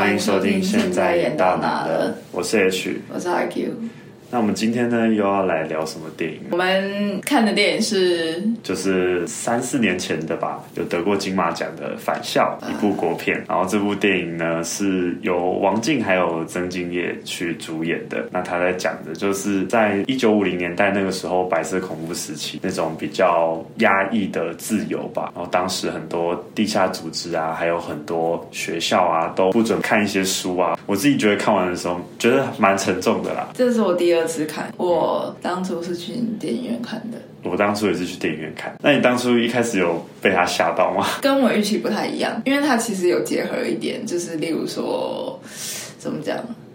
歡迎收聽《現在演到哪了》，我，我是 H，我是 RQ。那我們今天呢又要來聊什麼電影？我們看的電影是，就是三四年前的吧，有得過金馬獎的返校一部國片，啊。然後這部電影呢是由王淨還有曾敬驊去主演的。那他在講的就是在一九五零年代那個時候白色恐怖時期那種比較壓抑的自由吧。然後當時很多地下組織啊，還有很多學校啊都不准看一些書啊。我自己覺得看完的時候覺得蠻沉重的啦。這是我第二。我當初是去電影院看的。嗯。我當初也是去電影院看。那你當初一開始有被他嚇到嗎？跟我預期不太一樣，因為他其實有結合一點，就是例如說，怎麼講，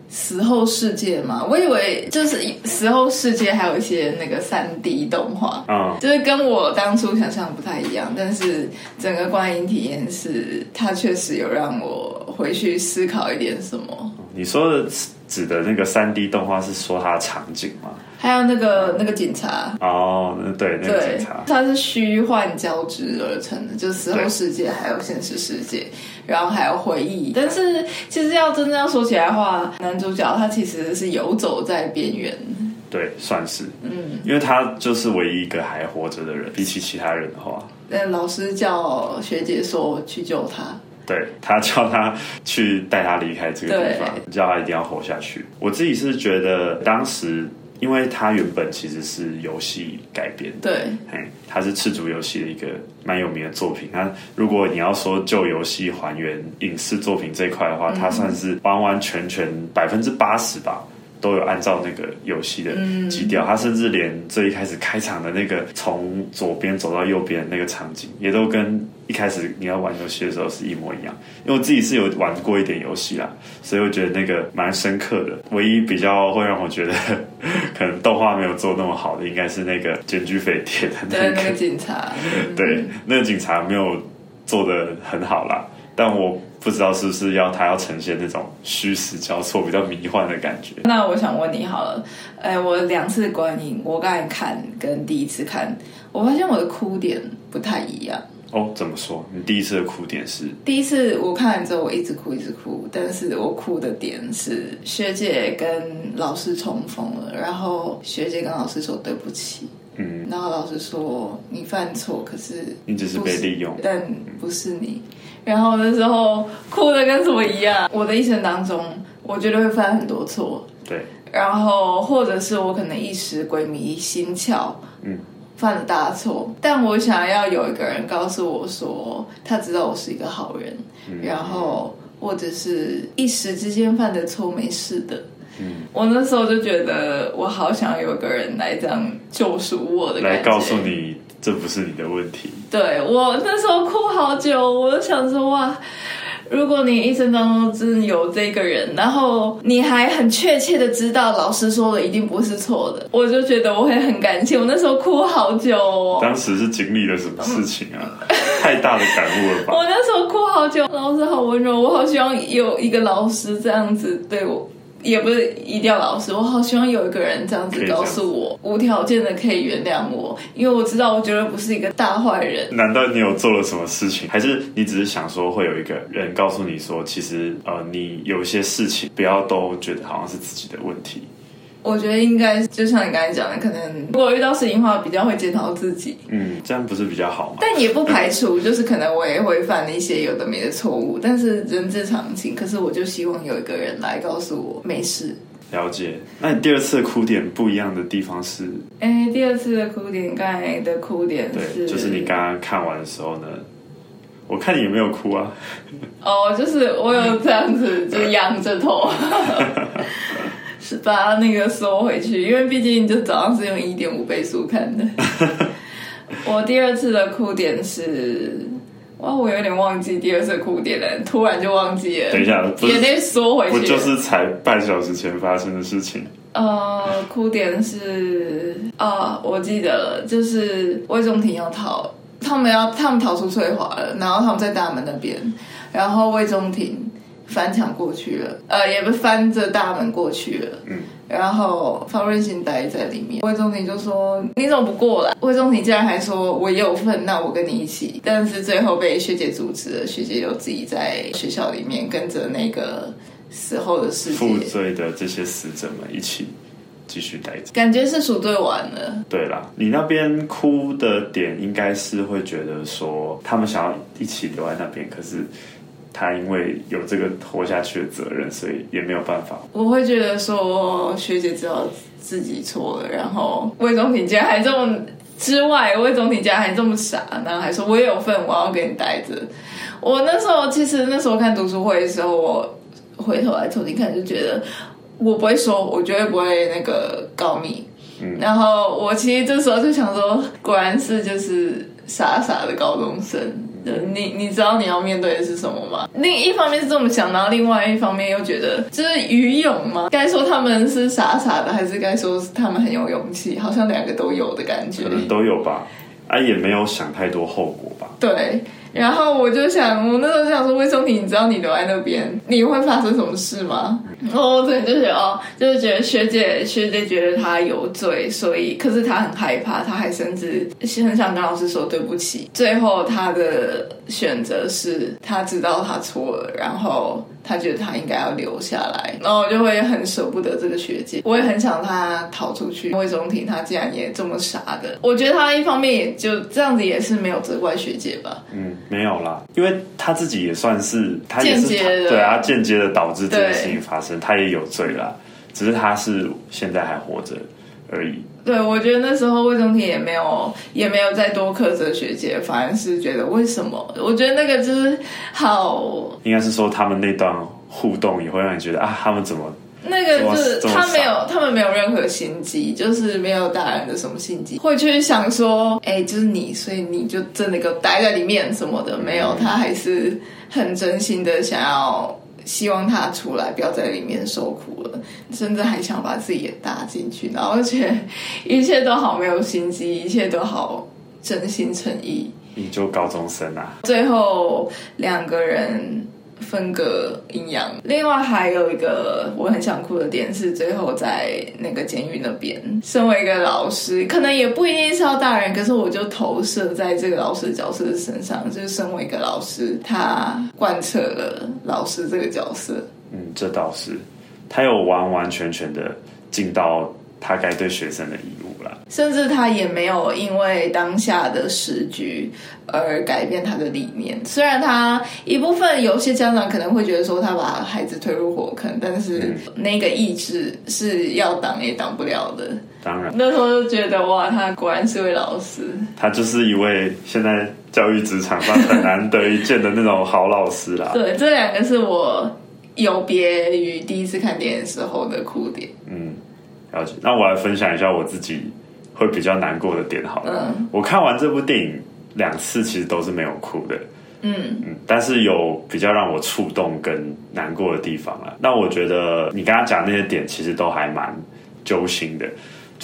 死後世界嘛。我以為就是死後世界還有一些那個三 D 動畫，啊，嗯，就是跟我當初想象不太一樣。但是整個觀影體驗是，他確實有讓我回去思考一點什麼。嗯，你說的是。指的那個三 D 動畫是說他的場景嗎？還有那個那個警察哦、oh，對，那個警察，他是虛幻交織而成的，就是死後世界，還有現實世界，然後還有回憶。但是其實要真正要說起來的話，男主角他其實是遊走在邊緣，對，算是，嗯，因為他就是唯一一個還活着的人，比起其他人的話，那老師叫學姐說我去救他。對，他叫他去帶他離開這個地方，叫他一定要活下去。我自己是覺得，當時因為他原本其實是遊戲改編的，對，嘿、嗯，是赤足遊戲的一個蠻有名的作品。那如果你要說舊遊戲還原影視作品這一塊的話，他、嗯、算是完完全全百分之八十吧。都有按照那個遊戲的基調，他、嗯、甚至連最一開始開場的那個從左邊走到右邊那個場景，也都跟一開始你要玩遊戲的時候是一模一樣。因為我自己是有玩過一點遊戲啦，所以我覺得那個蠻深刻的。唯一比較會讓我覺得可能動畫沒有做那麼好的，應該是那個檢舉匪諜的、那個、對那個警察，嗯、對那個警察沒有做得很好啦。但我不知道是不是要他要呈現那種虛實交錯、比較迷幻的感覺。那我想問你好了，哎，我兩次觀影，我剛才看跟第一次看，我發現我的哭點不太一樣。哦，怎麼說？你第一次的哭點是？第一次我看完之後，我一直哭，一直哭。但是我哭的點是學姐跟老師重逢了，然後學姐跟老師說對不起。嗯，然後老師說你犯錯，可是，是你只是被利用，但不是你。嗯然後那時候哭的跟什麼一樣。我的一生當中，我覺得會犯很多錯。對。然後或者是我可能一時鬼迷心竅，嗯，犯了大錯。但我想要有一個人告訴我說，他知道我是一個好人。然後或者是一時之間犯的錯沒事的。嗯。我那時候就覺得，我好想要有一個人來這樣救贖我的感覺，來告訴你。這不是你的問題。對，我那時候哭好久，我就想說哇，如果你一生當中真的有這個人，然後你還很確切的知道老師說的一定不是錯的，我就覺得我會很感謝。我那時候哭好久哦。當時是經歷了什麼事情啊？ 太大的感悟了吧？ 我那時候哭好久，老師好溫柔，我好希望有一個老師這樣子對我。也不是一定要老師，我好希望有一個人這樣子告訴我，無條件的可以原諒我，因為我知道，我覺得不是一個大壞人。難道你有做了什麼事情，還是你只是想說，會有一個人告訴你說，其實呃，你有一些事情不要都覺得好像是自己的問題？我覺得應該就像你剛才講的，可能如果遇到事情的話，比較會檢討自己。嗯，這樣不是比較好嗎？但也不排除，嗯、就是可能我也會犯一些有的沒的錯誤。但是人之常情，可是我就希望有一個人來告訴我沒事。了解。那你第二次的哭點不一樣的地方是？哎、欸，第二次的哭點，剛才的哭點是，對，就是你剛剛看完的時候呢。我看你有沒有哭啊？哦、oh,，就是我有這樣子，就仰着頭。 是把那個縮回去，因為畢竟你就早上是用一點五倍速看的。 我第二次的哭點是，哇，我有點忘記第二次的哭點了，突然就忘記了。等一下，眼淚縮回去，是就是才半小時前發生的事情？呃，哭點是呃，我記得了，就是魏仲廷要逃，他們要他們逃出翠華了，然後他們在大門那邊，然後魏仲廷。翻牆過去了，呃，也不翻着大門過去了。嗯，然後方芮欣待在裡面，魏仲廷就說：“你怎麼不過來？”魏仲廷竟然還說：“我也有份，那我跟你一起。”但是最後被學姐阻止了，學姐又自己在學校裡面跟着那個死後的世界負罪的這些死者們一起繼續待着。感覺是贖罪完了。對啦，你那邊哭的點應該是會覺得說，他們想要一起留在那邊，可是，他因為有這個活下去的責任，所以也沒有辦法。我會覺得說，學姐知道自己錯了，然後魏仲廷，你竟然還這麼之外，魏仲廷，你竟然還這麼傻，然後還說我也有份，我要給你帶着。我那時候其實那時候看讀書會的時候，我回頭來重新看就覺得，我不會說，我絕對不會那個告密。嗯，然後我其實這時候就想說，果然是就是傻傻的高中生。你你知道你要面對的是什麼嗎？另一方面是這麼想，然後另外一方面又覺得就是愚勇嗎？該說他們是傻傻的，還是該說他們很有勇氣？好像兩個都有的感覺。可、嗯、能都有吧，哎、啊，也沒有想太多後果吧。對，然後我就想，我那時候就想說，魏仲廷你知道你留在那邊，你會發生什麼事嗎？嗯哦、oh，對，就是哦，oh, 就是覺得學姐，學姐覺得她有罪，所以可是她很害怕，她還甚至很很想跟老師說對不起。最後，她的選擇是，她知道她錯了，然後她覺得她應該要留下來。然後我就會很捨不得這個學姐，我也很想她逃出去。魏仲廷，他竟然也這麼傻的，我覺得他一方面也就這樣子，也是沒有責怪學姐吧？嗯，沒有啦，因為他自己也算是她也是間接的她對啊，間接的導致這個事情發生。他也有罪了，只是他是現在還活着而已。對，我覺得那時候魏仲廷也沒有，也沒有再多苛責學姐，反而是覺得為什麼？我覺得那個就是好，應該是說他們那段互動也會讓你覺得啊，他們怎麼那個就是他沒有，他們沒有任何心機，就是沒有大人的什麼心機，會去想說，哎、欸，就是你，所以你就真的給我待在裡面什麼的，沒有，嗯、他還是很真心的想要。希望他出來，不要在裡面受苦了，甚至還想把自己也搭進去，然後而且一切都好沒有心機，一切都好真心誠意。你就高中生啊，最後兩個人分隔陰陽，另外還有一個我很想哭的點是，最後在那個監獄那邊，身為一個老師，可能也不一定是要大人，可是我就投射在這個老師的角色的身上，就是身為一個老師，他貫徹了老師這個角色。嗯，這倒是，他有完完全全的盡到他該對學生的義務。甚至他也沒有因為當下的時局而改變他的理念。雖然他一部分有些家長可能會覺得說他把孩子推入火坑，但是那個意志是要擋也擋不了的。當然，那時候就覺得哇，他果然是位老師。他就是一位現在教育職場上很難得一見的那種好老師啦。 對，這兩個是我有別於第一次看電影的時候的哭點。嗯，了解。那我來分享一下我自己。會比較難過的點，好了、嗯，我看完這部電影兩次，其實都是沒有哭的，嗯，嗯，但是有比較讓我觸動跟難過的地方了、啊。那我覺得你剛剛講的那些點，其實都還蠻揪心的。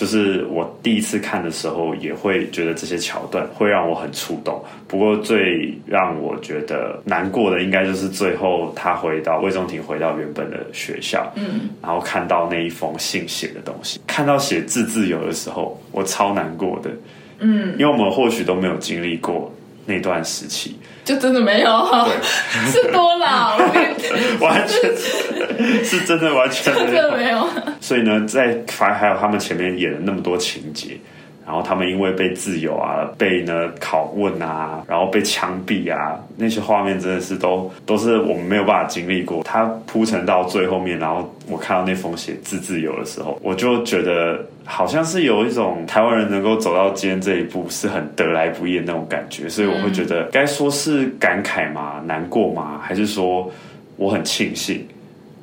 就是我第一次看的時候，也會覺得這些橋段會讓我很觸動。不過最讓我覺得難過的，應該就是最後他回到魏仲廷，回到原本的學校，嗯，然後看到那一封信寫的東西，看到寫字自由的時候，我超難過的，嗯，因為我們或許都沒有經歷過。那段時期就真的沒有， 是多老辣， 完全是真的完全真的沒有。所以呢，在反而還有他們前面演了那麼多情節。然後他們因為被自由啊，被呢拷問啊，然後被槍斃啊，那些畫面真的是都都是我們沒有辦法經歷過。他鋪陳到最後面，然後我看到那封寫自自由的時候，我就覺得好像是有一種台灣人能夠走到今天這一步，是很得來不易的那種感覺。所以我會覺得，該說是感慨嗎？難過嗎？還是說我很慶幸？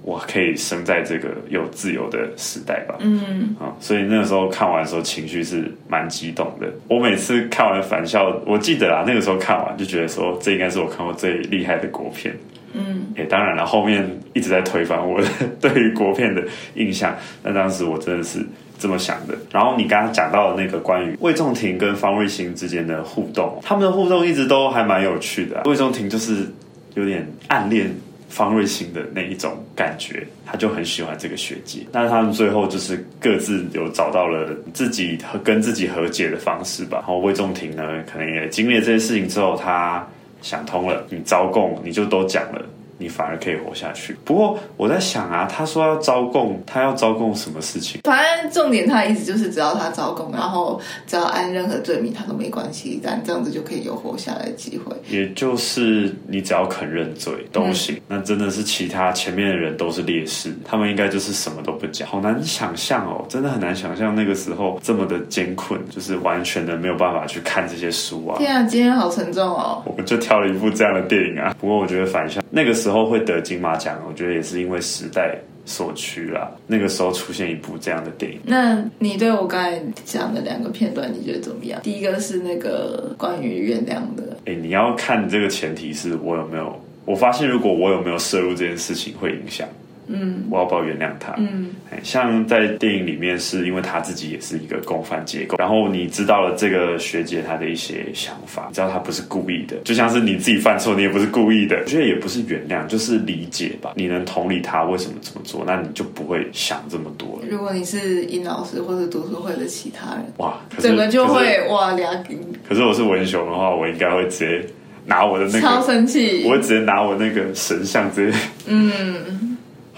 我可以生在這個有自由的時代吧，嗯啊、嗯，所以那個時候看完的時候情緒是蠻激動的。我每次看完《返校》，我記得啊，那個時候看完就覺得說，這應該是我看過最厲害的國片，嗯、欸，當然了，後面一直在推翻我的對於國片的印象，但當時我真的是這麼想的。然後你剛剛講到的那個關於魏仲廷跟方芮欣之間的互動，他們的互動一直都還蠻有趣的、啊。魏仲廷就是有點暗戀。方芮欣的那一種感覺，他就很喜歡這個學姐。那他們最後就是各自有找到了自己和跟自己和解的方式吧。然後魏仲廷呢，可能也經歷了這些事情之後，他想通了，你招供你就都講了。你反而可以活下去。不過我在想啊，他說要招供，他要招供什麼事情？反正重點，他一直就是，只要他招供，然後只要按任何罪名，他都沒關係，但這樣子就可以有活下來的機會。也就是你只要肯認罪都行、嗯。那真的是其他前面的人都是烈士，他們應該就是什麼都不講。好難想象哦，真的很難想象那個時候這麼的艱困，就是完全的沒有辦法去看這些書啊。天啊，今天好沉重哦。我們就挑了一部這樣的電影啊。不過我覺得反向那個時候。之後會得金馬獎，我覺得也是因為時代所趨啦、啊。那個時候出現一部這樣的電影，那你對我剛才講的兩個片段，你覺得怎麼樣？第一個是那個關於原諒的，誒、欸，你要看這個前提是我有沒有，我發現如果我有沒有涉入這件事情，會影響。嗯，我要不要原諒他？嗯，像在電影裡面，是因為他自己也是一個共犯結構。然後你知道了這個學姐她的一些想法，你知道她不是故意的，就像是你自己犯錯，你也不是故意的。我覺得也不是原諒，就是理解吧。你能同理他為什麼這麼做，那你就不會想這麼多了。如果你是尹老師或者讀書會的其他人，哇，整個就會哇兩。可是我是文雄的話，我應該會直接拿我的那個超生氣，我會直接拿我那個神像直接，嗯。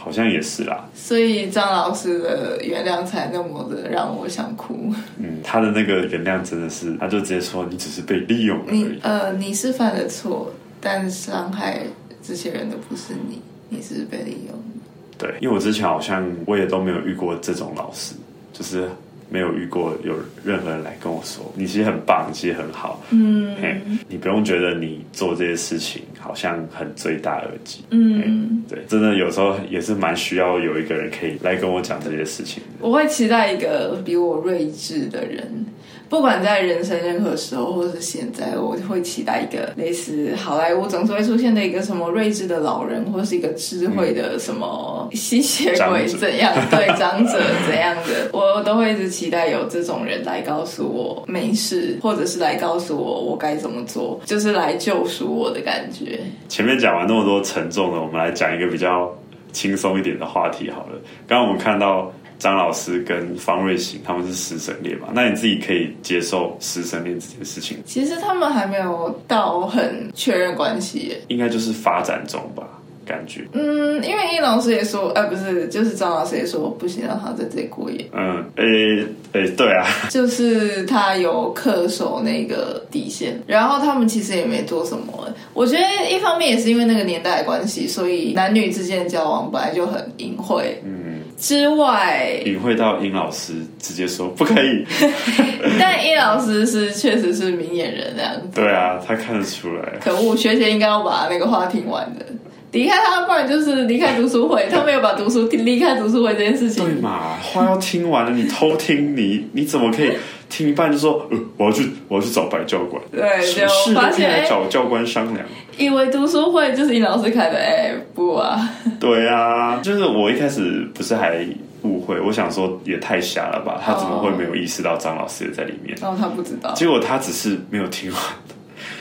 好像也是啦，所以張老師的原諒才那麼的讓我想哭。嗯，他的那個原諒真的是，他就直接說：“你只是被利用。”你呃，你是犯了錯，但傷害這些人的不是你，你是被利用。對，因為我之前好像我也都沒有遇過這種老師，就是。沒有遇過有任何人來跟我說，你其實很棒，你其實很好。嗯，嘿，你不用覺得你做這些事情好像很罪大惡極。嗯，嘿，對，真的有時候也是蠻需要有一個人可以來跟我講這些事情。我會期待一個比我睿智的人。不管在人生任何時候，或是現在，我就會期待一個類似好萊塢總是會出現的一個什麼睿智的老人，或是一個智慧的什麼吸血鬼怎樣，這樣子。對，長者怎樣的， 我都會一直期待有這種人來告訴我沒事，或者是來告訴我我該怎麼做，就是來救贖我的感覺。前面講完那麼多沉重的，我們來講一個比較輕鬆一點的話題好了。剛剛我們看到。張老師跟方芮欣他們是師生戀嘛？那你自己可以接受師生戀這件事情？其實他們還沒有到很確認關係，應該就是發展中吧，感覺。嗯，因為易老師也說，啊、呃，不是，就是張老師也說，不行，讓他在這裡過夜。嗯，哎、欸，哎、欸、對啊，就是他有恪守那個底線，然後他們其實也沒做什麼。我覺得一方面也是因為那個年代的關係，所以男女之間的交往本來就很隱晦。嗯。之外，隱晦到殷老師直接說不可以。 但殷老師是確 實是明眼人那樣子。對啊，他看得出來。可惡，學姐應該要把那個話聽完的。離開他的話就是離開讀書會、啊。他沒有把讀書離開讀書會這件事情。對嘛？話要聽完了，你偷聽， 你你怎麼可以聽一半就說、呃、我要去，我要去找白教官？對，是的，去找教官商量。以為讀書會就是尹老師開的誒、欸，不啊？對啊，就是我一開始不是還誤會？我想說也太瞎了吧，他怎麼會沒有意識到張老師也在裡面？然後、哦、哦、他不知道，結果他只是沒有聽完。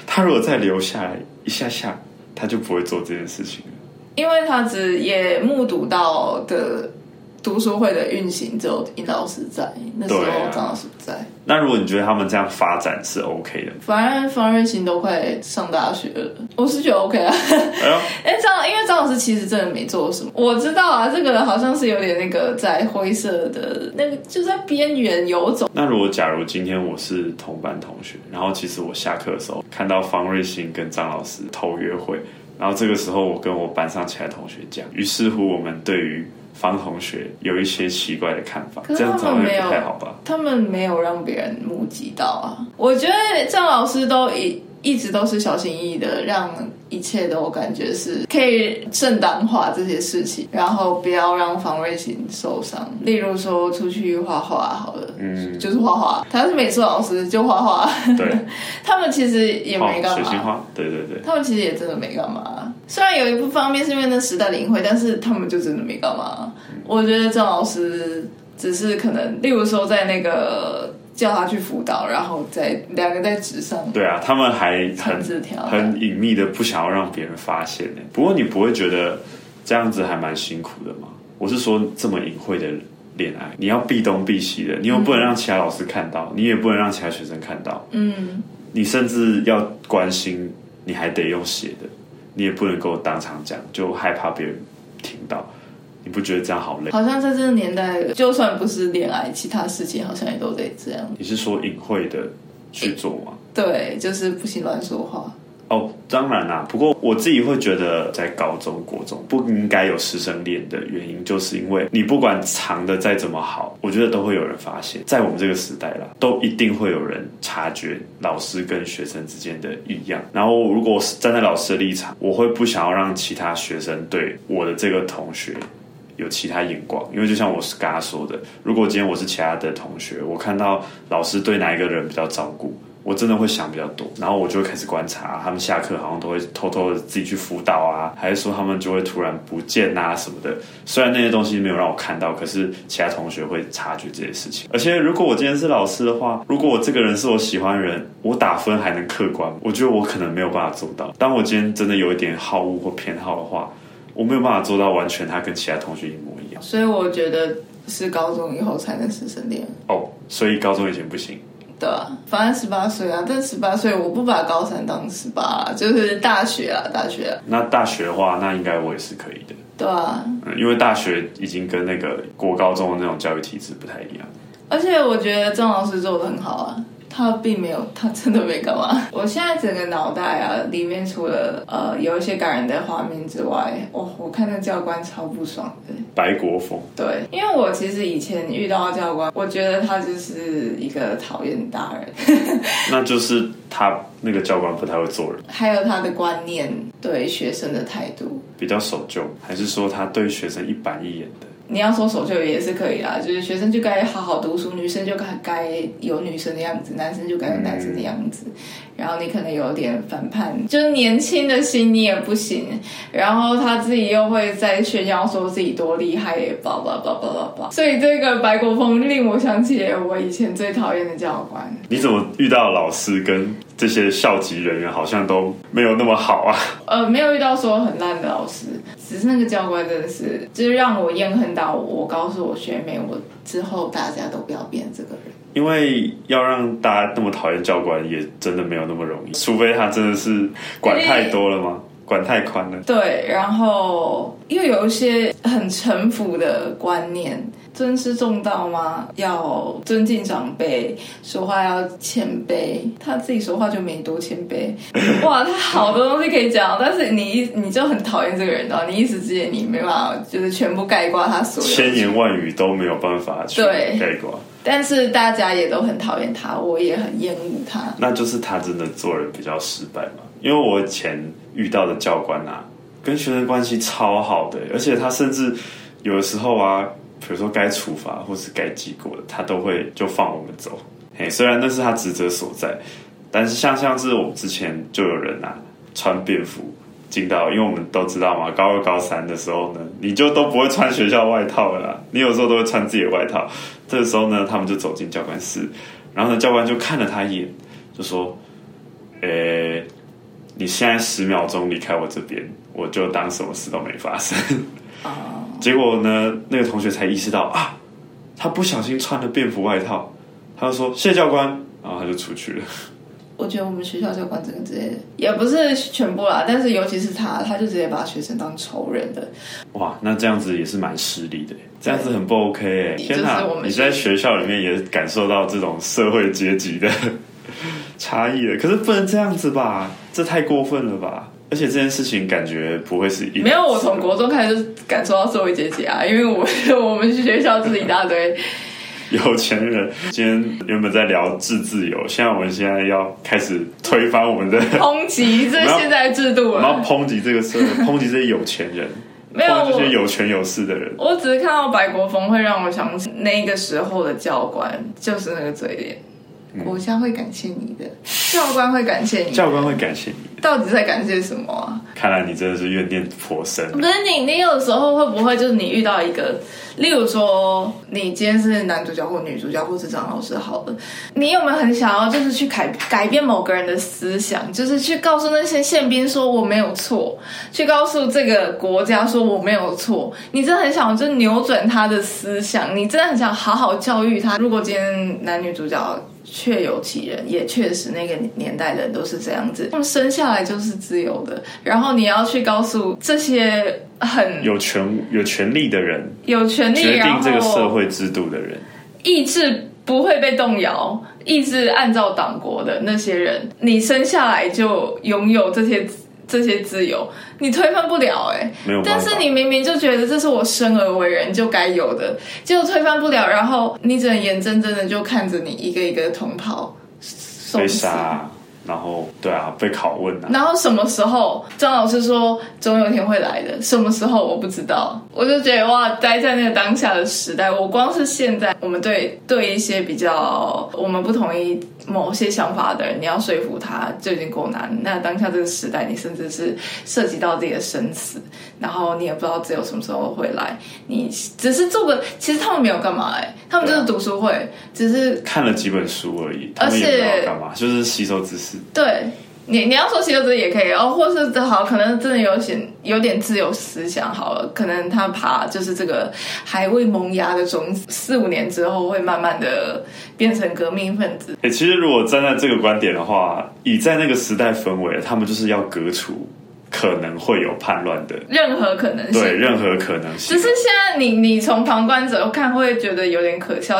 他如果再留下來一下下，他就不會做這件事情了。因為他只也目睹到的。讀書，書會的運行只有尹老師在，那時候張老師在，啊。那如果你覺得他們這樣發展是 OK 的，反正方瑞欣都快上大學了，我是覺得 OK 啊。哎，張、欸，因為張老師其實真的沒做什麼，我知道啊，這個人好像是有點那個在灰色的那個就在邊緣遊走。那如果假如今天我是同班同學，然後其實我下課的時候看到方瑞欣跟張老師偷約會，然後這個時候我跟我班上其他同學講，於是乎我們對於。方同學有一些奇怪的看法，可是他們沒有，這樣子也不太好吧？他們沒有讓別人目擊到啊，我覺得張老師都一直都是小心翼翼的，讓一切都感覺是可以正當化這些事情，然後不要讓方芮欣受傷。例如說出去畫畫好了，嗯，就是畫畫。他是美術老師，就畫畫。對， 他們其實也沒幹嘛。對對對，他們其實也真的沒幹嘛。雖然有一部分是因為那時代的隱晦，但是他們就真的沒幹嘛，嗯。我覺得鄭老師只是可能，例如說在那個。叫他去輔導，然後在兩個在紙上。對啊，他們還很很隱秘的，不想要讓別人發現呢。不過你不會覺得這樣子還蠻辛苦的嗎？我是說，這麼隱晦的戀愛，你要避東避西的，你又不能讓其他老師看到，嗯，你也不能讓其他學生看到。嗯，你甚至要關心，你還得用寫的，你也不能夠當場講，就害怕別人聽到。你不覺得這樣好累？好像在這個年代，就算不是戀愛，其他事情好像也都得這樣。你是說隱晦的去做嗎？欸、對，就是不行亂說話。哦，當然啦、啊。不過我自己會覺得，在高中、國中不應該有師生戀的原因，就是因為你不管藏的再怎麼好，我覺得都會有人發現。在我們這個時代啦，都一定會有人察覺老師跟學生之間的異樣。然後，如果是站在老師的立場，我會不想要讓其他學生對我的這個同學。有其他眼光，因為就像我跟他說的，如果今天我是其他的同學，我看到老師對哪一個人比較照顧，我真的會想比較多，然後我就會開始觀察、啊、他們下課好像都會偷偷的自己去輔導啊，還是說他們就會突然不見啊什麼的。雖然那些東西沒有讓我看到，可是其他同學會察覺這些事情。而且如果我今天是老師的話，如果我這個人是我喜歡的人，我打分還能客觀？我覺得我可能沒有辦法做到，當我今天真的有一點好惡或偏好的話，我沒有辦法做到完全，他跟其他同學一模一樣。所以我覺得是高中以後才能師生戀。哦、oh，所以高中以前不行。對啊，反正十八歲啊，但十八歲我不把高三當十八、啊，就是大學啊，大學、啊。那大學的話，那應該我也是可以的。對啊，嗯、因為大學已經跟那個國高中的那種教育體制不太一樣。而且我覺得張老師做得很好啊。他並沒有，他真的沒幹嘛。我現在整個腦袋啊，裡面除了呃有一些感人的畫面之外，我、哦、我看那教官超不爽的。白國鋒。對，因為我其實以前遇到教官，我覺得他就是一個討厭大人。 那就是他那個教官不太會做人，還有他的觀念對學生的態度，比較守舊，還是說他對學生一板一眼的？你要說守舊也是可以啦，就是學生就該好好讀書，女生就該該有女生的樣子，男生就該有男生的樣子、嗯。然後你可能有點反叛，就年輕的心你也不行。然後他自己又會在炫耀說自己多厲害耶，blah blah blah blah blah blah。所以這個白國鋒令我想起我以前最討厭的教官。你怎麼遇到老師跟這些校級人員好像都沒有那麼好啊？呃，沒有遇到說很爛的老師。只是那個教官真的是，就是讓我怨恨到我，我告訴我學妹，我之後大家都不要變這個人。因為要讓大家那麼討厭教官，也真的沒有那麼容易，除非他真的是管太多了嗎？管太寬了。對，然後因為有一些很陳腐的觀念。尊師重道嗎？要尊敬長輩，說話要謙卑。他自己說話就沒多謙卑。哇，他好多東西可以講， 但是你一你就很討厭這個人哦。你一時之間你沒辦法，就是全部蓋過他所有千言萬語都沒有辦法去蓋過。但是大家也都很討厭他，我也很厭惡他。那就是他真的做人比較失敗嘛？因為我以前遇到的教官啊，跟學生關係超好的，欸，而且他甚至有的時候啊。比如說該處罰或是該記過的，他都會就放我們走。哎，雖然那是他職責所在，但是像像是我們之前就有人啊穿便服進到，因為我們都知道嘛，高二高三的時候呢，你就都不會穿學校外套了啦，你有時候都會穿自己的外套。這個時候呢，他們就走進教官室，然後呢，教官就看了他一眼，就說：“欸，你現在十秒鐘離開我這邊，我就當什麼事都沒發生。” Oh. 結果呢？那個同學才意識到啊，他不小心穿了便服外套，他就說：“謝教官。”然後他就出去了。我覺得我們學校教官真的直接，也不是全部啦，但是尤其是他，他就直接把學生當仇人的。哇，那這樣子也是蠻勢利的，這樣子很不 OK 哎！天哪、啊，你在學校裡面也感受到這種社會階級的 差異了，可是不能這樣子吧？這太過分了吧？而且這件事情感覺不會是一沒有，我從國中開始就感受到社會階級啊，因為我我們學校是一大堆 有錢人。今天原本在聊治自由，現在我們現在要開始推翻我們的抨擊這現在的制度了，然後抨擊這個社會，抨擊這些有錢人， 沒有這些有權有勢的人我。我只是看到白國鋒會讓我想起那個時候的教官，就是那個嘴臉。國家會感謝你的、嗯、教官會感謝你的，教官會感謝你，教官會感謝你。到底在感謝什麼啊？看來你真的是怨念頗深。不是你，你有的時候會不會就是你遇到一個，例如說你今天是男主角或女主角，或是張老師，好了，你有沒有很想要就是去改改變某個人的思想，就是去告訴那些憲兵說我沒有錯，去告訴這個國家說我沒有錯，你真的很想就扭轉他的思想，你真的很想好好教育他。如果今天男女主角。確有其人，也確實那個年代的人都是這樣子。他們生下來就是自由的，然後你要去告訴這些很有權、有權利的人、有權利決定這個社會制度的人，意志不會被動搖，意志按照黨國的那些人，你生下來就擁有這些。這些自由你推翻不了哎、欸，沒有辦法，但是你明明就覺得這是我生而為人就該有的，結果推翻不了，然後你只能眼睜睜的就看着你一個一個同袍被殺，然後對啊，被拷問啊，然後什麼時候張老師說總有一天會來的？什麼時候我不知道。我就覺得哇，待在那個當下的時代，我光是現在我們對對一些比較我們不同意。某些想法的人，你要說服他就已經夠難。那當下這個時代，你甚至是涉及到自己的生死，然後你也不知道自由什麼時候會來。你只是做個，其實他們沒有幹嘛誒，他們就是讀書會，啊、只是看了幾本書而已。而且要幹嘛？就是吸收知識。對。你你要說騎遊者也可以哦，或是好，可能真的有顯有點自由思想好了，可能他怕就是這個還未萌芽的種子，四五年之後會慢慢的變成革命分子。欸，其實如果站在這個觀點的話，以在那個時代氛圍，他們就是要革除可能會有叛亂的任何可能性，對任何可能性。只是現在你你從旁觀者看會覺得有點可笑。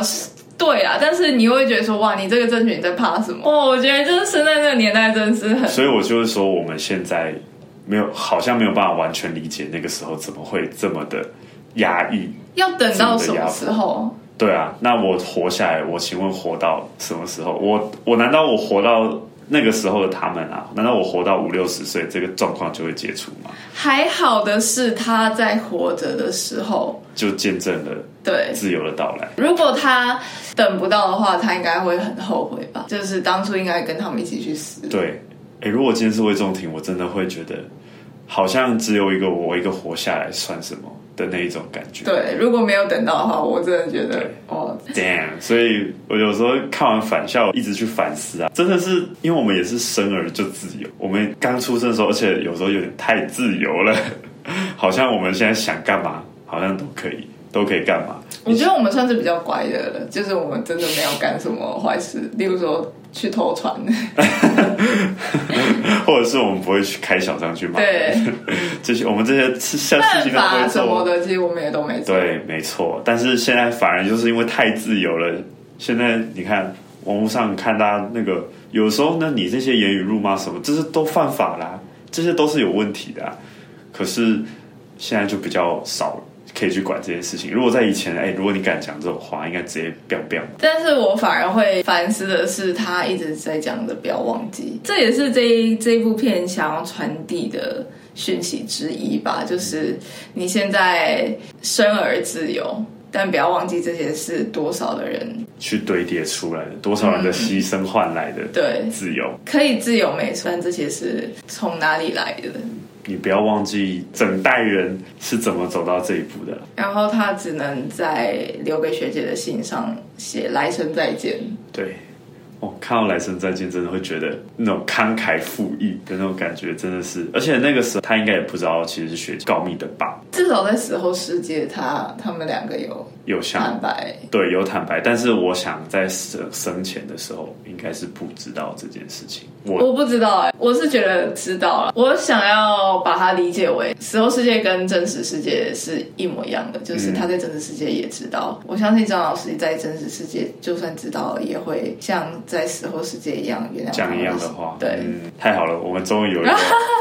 對啊，但是你會覺得說，哇，你這個證據你在怕什麼？哦，我覺得就是生在這個年代，真的是很……所以我就是說，我們現在沒有，好像沒有辦法完全理解那個時候怎麼會這麼的壓抑。要等到什麼時候？對啊，那我活下來，我請問活到什麼時候？我我難道我活到？那個時候的他們啊，難道我活到五六十歲，這個狀況就會解除嗎？還好的是，他在活着的時候就見證了對自由的到來。如果他等不到的話，他應該會很後悔吧？就是當初應該跟他們一起去死。對，誒，如果今天是魏仲廷，我真的會覺得。好像只有一個我一個活下來算什麼的那一種感覺。對，如果沒有等到的話，我真的覺得，對哦，damn！所以我有時候看完返校，一直去反思啊，真的是因為我們也是生而就自由。我們剛出生的時候，而且有時候有點太自由了，好像我們現在想幹嘛，好像都可以，嗯、都可以幹嘛。我覺得我們算是比較乖的了，就是我們真的沒有幹什麼壞事， 例如說去偷船。 或者是我們不會去開小帳去罵對，這些， 這些我們這些像事情都，做都沒吃。對，沒錯。但是現在反而就是因為太自由了。現在你看網絡上看大家那個，有時候呢，你這些言語辱罵什麼，這是都犯法啦，這些都是有問題的啊。可是現在就比較少了。可以去管這件事情。如果在以前，哎、欸，如果你敢講這種話，應該直接表表。但是我反而會反思的是，他一直在講的，不要忘記，這也是這一這一部片想要傳遞的訊息之一吧。就是你現在生而自由，但不要忘記這些是多少的人去堆疊出來的，多少人的犧牲換來的。嗯，對自由可以自由，沒錯。但這些是從哪裡來的？你不要忘記，整代人是怎麼走到這一步的。然後他只能在留給學姐的信上寫“來生再見”。對，我、哦、看到“來生再見”真的會覺得那種慷慨赴義的那種感覺，真的是。而且那個時候他應該也不知道，其實是學告密的吧？至少在死後世界他，他他們兩個有。有像坦白，對，有坦白，但是我想在生生前的時候，應該是不知道這件事情。我我不知道哎，我是覺得知道了。我想要把它理解為死後世界跟真實世界是一模一樣的，就是他在真實世界也知道。嗯、我相信張老師在真實世界就算知道了，也會像在死後世界一樣原諒講一樣的話。對、嗯，太好了，我們終於有一個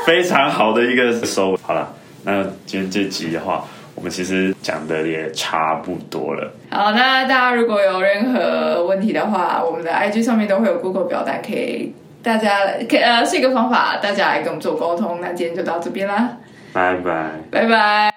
非常好的一個收、so、尾。 好了，那今天這集的話。我們其實講的也差不多了。好，那大家如果有任何問題的話，我們的 IG 上面都會有 Google 表單，可以大家可以，呃，是一個方法，大家來跟我們做溝通。那今天就到這邊啦，拜拜，拜拜。